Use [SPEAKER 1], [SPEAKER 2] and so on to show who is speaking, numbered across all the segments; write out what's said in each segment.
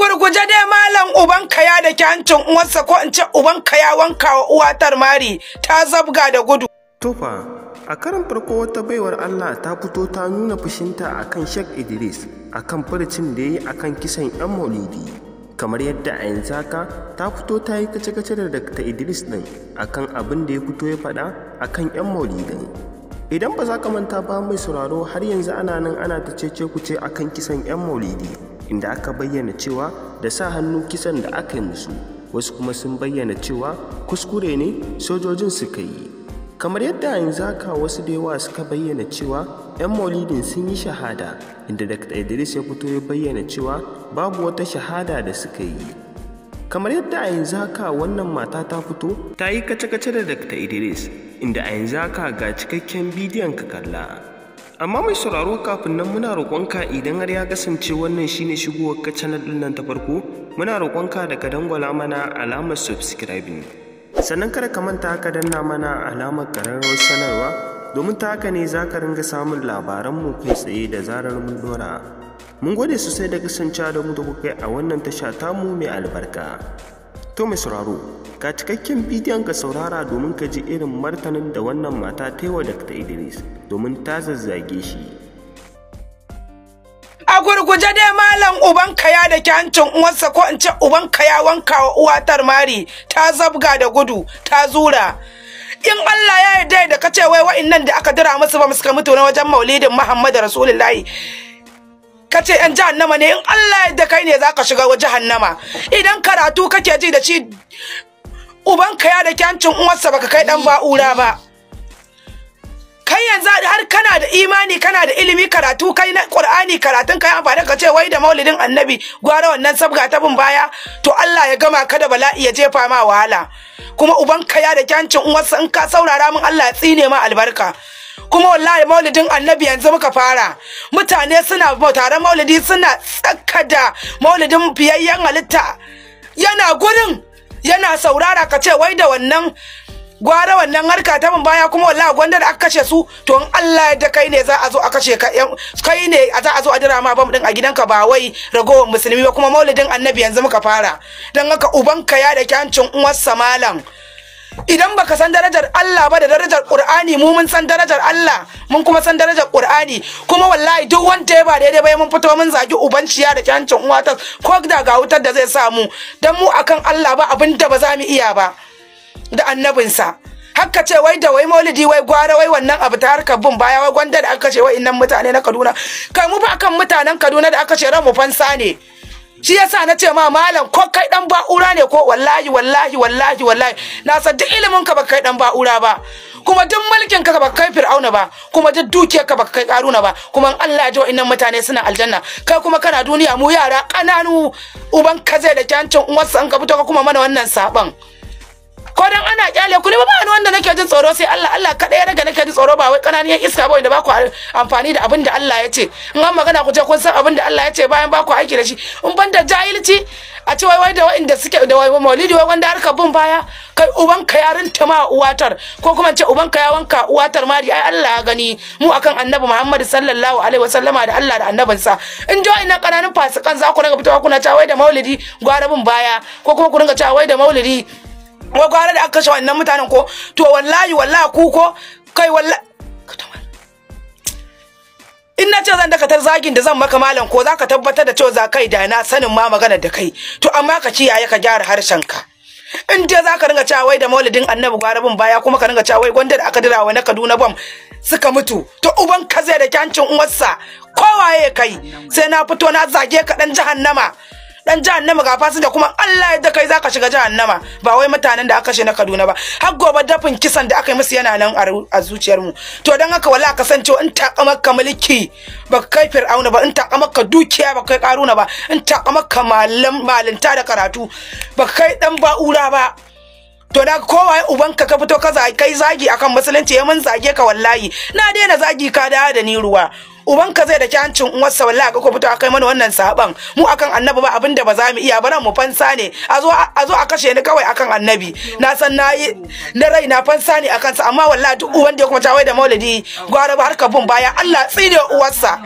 [SPEAKER 1] gurguje dai malam uban kaya da ke hancin uwarsa ko in ce uban kaya wanka wa uwatar mari ta zabga da gudu.
[SPEAKER 2] Tufa, a karan farko wata baiwar Allah ta fito ta nuna fushinta a kan Sheikh Idris a kan furucin da ya yi a kan kisan 'yan maulidi. kamar yadda a yanzu haka ta fito ta yi kace-kace da Dr. Idris ɗin kan abin da ya fito ya faɗa a kan 'yan maulidin. Idan ba za ka manta ba mai sauraro har yanzu ana nan ana ta cece ku ce kan kisan 'yan maulidi. inda aka bayyana cewa da sa hannu kisan da aka yi musu wasu kuma sun bayyana cewa kuskure ne sojojin suka yi kamar yadda yanzu haka wasu da yawa suka bayyana cewa 'yan maulidin sun yi shahada inda dr idris ya fito ya bayyana cewa babu wata shahada da suka yi kamar yadda a yanzu haka wannan mata ta fito ta yi kace-kace da dr idris inda a yanzu haka ga cikakken bidiyon ka kalla amma mai sauraro kafin nan muna roƙonka idan har ya kasance wannan shine shigowar ka canal din nan ta farko muna roƙonka da ka dangwala mana alamar subscribing sannan kada ka manta ka danna mana alamar ƙararrawar sanarwa domin ta haka ne za ka ringa samun labaranmu kai tsaye da zarar mun dora mun gode sosai da kasancewa da mu da kuka a wannan tasha tamu mai albarka to mai sauraro ka cikakken bidiyon ka saurara domin ka ji irin martanin da wannan mata ta yi wa Dr. Idris domin ta zazzage shi.
[SPEAKER 1] A gurguje dai malam uban kaya da ke hancin uwarsa ko in ce uban kaya wanka wa uwa tarmari ta zabga da gudu ta zura. in Allah ya yarda da ka ce wai nan da aka dira musu ba musu suka mutu na wajen maulidin Muhammad Rasulullahi ce yan jahannama ne in Allah ya yarda kai ne za ka shiga jahannama idan karatu kake ji da shi uban ya da kyancin uwarsa baka kai dan ba'ura ba kai yanzu har kana da imani kana da ilimi karatu kai na qur'ani karatun kai amfani ka ce wai da maulidin annabi gwara wannan sabga ta bin baya to Allah ya gama ka da bala'i ya jefa ma wahala kuma ubanka ya da kyancin uwarsa in ka saurara min Allah ya tsine ma albarka kuma wallahi maulidin annabi yanzu muka fara mutane suna taron maulidi suna tsaka da maulidin fiyayyen halitta yana gurin yana saurara ka ce wai da wannan gwara wannan harka ta mun baya kuma wallahi gwanda da aka kashe su to in Allah ya kai ne za a zo a kashe ka kai ne za a zo a dira ma bam din a gidanka ba wai ragowar musulmi ba kuma maulidin annabi yanzu muka fara dan haka ubanka ya da kyancin uwar malam idan baka san darajar Allah ba da darajar Qur'ani mu mun san darajar Allah mun kuma san darajar Qur'ani kuma wallahi duk wanda ya ba daidai ba mun fito mun zagi ubanciya da kyancin uwa ta ko da ga wutar da zai samu dan mu akan Allah ba abin da ba za mu iya ba da annabinsa hakka ce wai da wai maulidi wai gwara wai wannan abu ta harkar bin baya wai gwanda da aka ce wai innan mutane na Kaduna kai mu ba akan mutanen Kaduna da aka ce ran mu fansa ne shi yasa na ce ma malam ko kai dan ba'ura ne ko wallahi wallahi wallahi wallahi na san duk ilimin ka baka kai dan ba'ura ba kuma duk mulkin ka baka kai fir'auna ba kuma duk dukiyar ka baka kai karuna ba kuma in Allah ya ji wa'annan mutane suna aljanna kai kuma kana duniya mu yara kananu uban ka zai da kyancin uwarsa an ka fito ka kuma mana wannan saban ko dan ana kyale ku ne ba ni wanda nake jin tsoro sai Allah Allah kada ya daga nake jin tsoro ba wai kananiyan iska ba da ba ku amfani da abin da Allah ya ce in an magana ku je kun san abin da Allah ya ce bayan ba ku aiki da shi in ban da jahilci a ce wai wai da wanda suke da wai maulidi wai wanda harka bin baya kai uban ka yarin ta ma uwatar ko kuma ce uban ka ya wanka uwatar mari ai Allah ya gani mu akan annabi Muhammad sallallahu alaihi wasallama da Allah da annabinsa in jo na kananun fasikan za ku ringa fitowa kuna cewa wai da maulidi gwara bin baya ko kuma ku ringa cewa wai da maulidi wa gwara da aka kashe wannan mutanen ko to wallahi wallahi ku ko kai wallahi ina ce zan dakatar zagin da zan maka malam ko za tabbatar da cewa za kai da na sanin ma magana da kai to amma ka kiyaye ka gyara harshen ka in dai za ringa cewa wai da maulidin annabi gwarabin baya kuma ka ringa cewa wai gwanda da aka dira na kaduna bam suka mutu to uban ka zai da kyancin uwarsa kowaye kai sai na fito na zage ka dan jahannama dan nama ga fasinja kuma Allah yadda kai zaka shiga jahannama ba wai mutanen da aka she na Kaduna ba har gobe dafin kisan da aka yi musu yana nan a zuciyar mu to dan haka wallahi ka san cewa in takamarka mulki ba kai fir'auna ba in takamarka dukiya ba kai karuna ba in takamarka malam malinta da karatu ba kai dan ba'ura ba to da kowa ubanka ka fito ka kai zagi akan musulunci ya eh mun zage ka wallahi na daina zagi ka dawo da ni ruwa ubanka zai da kyancin uwarsa wallahi ka ko fito kai mana wannan saban mu akan annabi ba abin da ba za mu iya ba mu fansa ne a zo a kashe ni kawai akan annabi na san na yi na rai na fansa ne akan sa amma wallahi duk uban da ya kuma tawai da maulidi gwara ba har ka bin baya Allah tsine uwarsa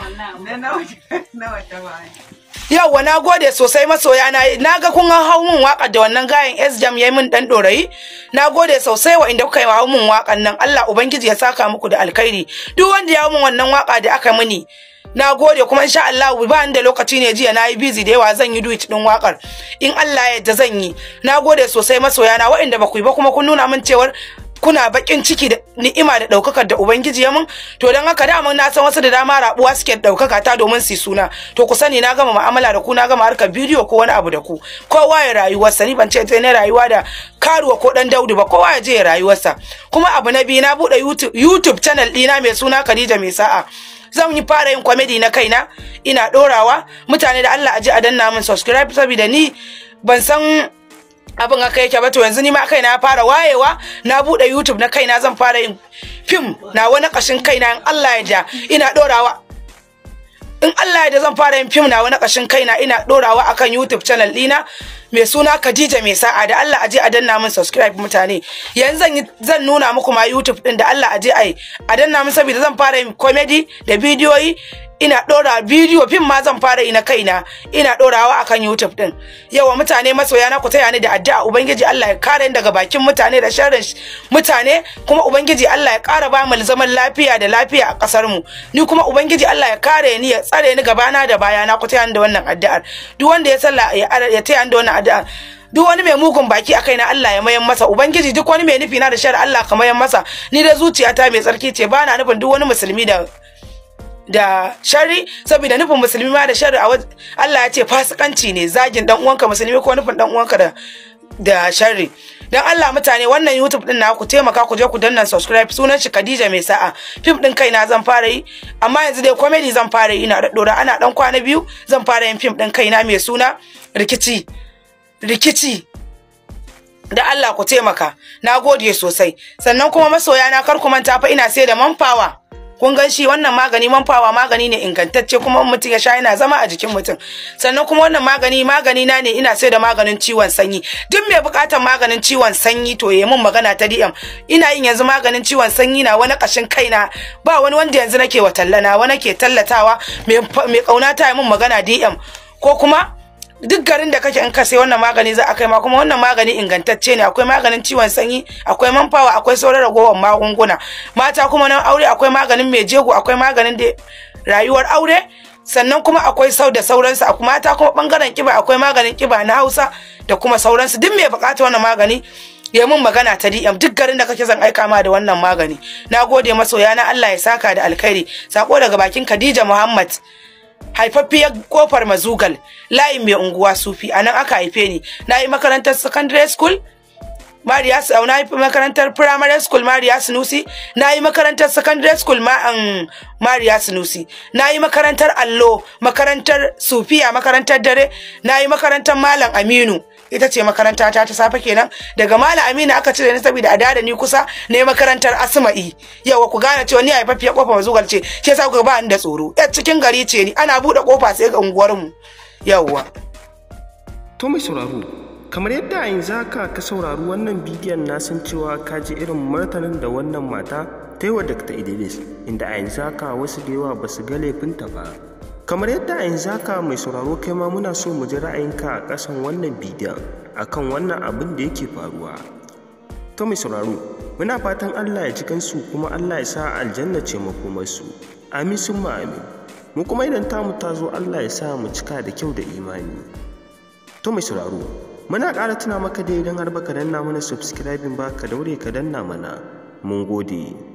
[SPEAKER 1] yauwa na gode sosai masoya na na ga kun hau min waka da wannan gayan S Jam yayi min dan dorayi na gode sosai wa inda kuka yi hau min wakan nan Allah ubangiji ya saka muku da alkhairi duk wanda ya hau min wannan waka da aka mini na gode kuma insha Allah ba da lokaci ne jiya nayi busy da yawa zan yi duit din wakar in Allah ya yarda zan yi na gode sosai masoya na waɗanda ba ku yi ba kuma kun nuna min cewar kuna bakin ciki da ni'ima da daukakar da ubangiji ya mun to dan haka da na san wasu da dama rabuwa suke daukaka ta domin su suna to ku sani na gama mu'amala da ku na gama harkar bidiyo ko wani abu da ku kowa ya rayuwar sa ni ban ce ta ne rayuwa da karuwa ko dan daudu ba kowa ya je rayuwar sa kuma abu na biyu na bude YouTube YouTube channel dina mai suna Khadija mai sa'a zan yi fara yin comedy na kaina ina dorawa mutane da Allah aji a danna min subscribe saboda ni ban san abin aka yake ba to yanzu ni ma kaina ya fara wayewa na bude youtube na kaina zan fara yin fim na wani kashin kaina in Allah ya ja ina dorawa in Allah ya da zan fara yin fim na wani kashin kaina ina dorawa akan YouTube channel dina mai suna Khadija mai sa'a da Allah aje a danna min subscribe mutane yanzu zan nuna muku ma YouTube din da Allah aje ai a danna min saboda zan fara yin comedy da bidiyoyi ina ɗora bidiyo fim ma zan fara ina kaina ina ɗorawa akan youtube ɗin yawa mutane masoya na ku taya ni da addu'a ubangiji allah ya kare daga bakin mutane da sharrin mutane kuma ubangiji allah ya ƙara ba mu zaman lafiya da lafiya a ƙasar mu ni kuma ubangiji allah ya kare ni ya tsare ni gabana da baya na ku taya ni da wannan addu'ar duk wanda ya salla ya taya ni da wannan addu'a duk wani mai mugun baki a kaina Allah ya mayan masa ubangiji duk wani mai nufi na da shar Allah ka mayan masa ni da zuciyata mai tsarki ce bana nufin duk wani musulmi da da shari saboda nufin musulmi ma da shari a Allah ya ce fasikanci ne zagin dan uwanka musulmi ko nufin dan uwanka da da shari dan Allah mutane wannan YouTube din na ku taimaka ku je ku danna subscribe sunan shi Khadija mai sa'a film din kaina zan fara yi amma yanzu dai comedy zan fara yi ina daddora ana dan kwana biyu zan fara yin film din kaina mai suna rikici rikici da Allah ku taimaka na gode sosai sannan kuma masoya na kar ku manta fa ina sai da manpower kun gan shi wannan magani manfawa magani ne ingantacce kuma mutum ya sha yana zama a jikin mutum sannan kuma wannan magani magani na ne ina sai da maganin ciwon sanyi duk mai bukatar maganin ciwon sanyi to ya mun magana ta DM ina yin yanzu maganin ciwon sanyi na wani kashin kaina ba wani wanda yanzu nake wa tallana wani ke tallatawa mai kauna ta yi mun magana DM ko kuma duk garin da kake in ka sai wannan magani za a kai ma kuma wannan magani ingantacce ne akwai maganin ciwon sanyi akwai manfawa akwai sauran ragowar magunguna mata kuma nan aure akwai maganin mai jego akwai maganin da rayuwar aure sannan kuma akwai sau da sauransu akwai mata kuma bangaren kiba akwai maganin kiba na hausa da kuma sauransu duk mai bukata wannan magani ya mun magana ta DM duk garin da kake zan aika ma da wannan magani na gode masoya na Allah ya saka da alkhairi sako daga bakin Khadija Muhammad haifaffiyar kofar mazugal layin mai unguwa sufi a nan aka haife ni na yi makarantar secondary school Mariya na yi makarantar primary school Mariya Nusi na yi makarantar secondary school ma, um, Mariya na yi makarantar allo, makarantar sufiya, makarantar dare, na yi makarantar Malam Aminu, ita ce makaranta ta ta safe kenan daga mala aminu aka cire ni saboda a da ni kusa ne makarantar asma'i yawa ku gane cewa ni a haifafiyar kofa mazugal ce ke sa ku ba ni da tsoro yar cikin gari ce ni ana buɗe kofa sai ga unguwar mu yawa
[SPEAKER 2] to mai sauraro kamar yadda a yanzu ka ka saurari wannan bidiyon na san cewa ka ji irin martanin da wannan mata ta yi wa Dr. Idris inda a yanzu ka wasu da yawa ba su ga laifinta ba kamar yadda a yanzu haka mai sauraro kai ma muna so mu ji ra'ayinka a ƙasan wannan bidiyon akan wannan abin da yake faruwa to mai sauraro muna fatan allah ya ji kansu kuma allah ya sa aljanna ce makomarsu amin sun ma amin mu kuma idan tamu ta zo allah ya sa mu cika da kyau da imani to mai sauraro muna ƙara tuna maka dai idan har baka danna mana subscribing ba ka daure ka danna mana mun gode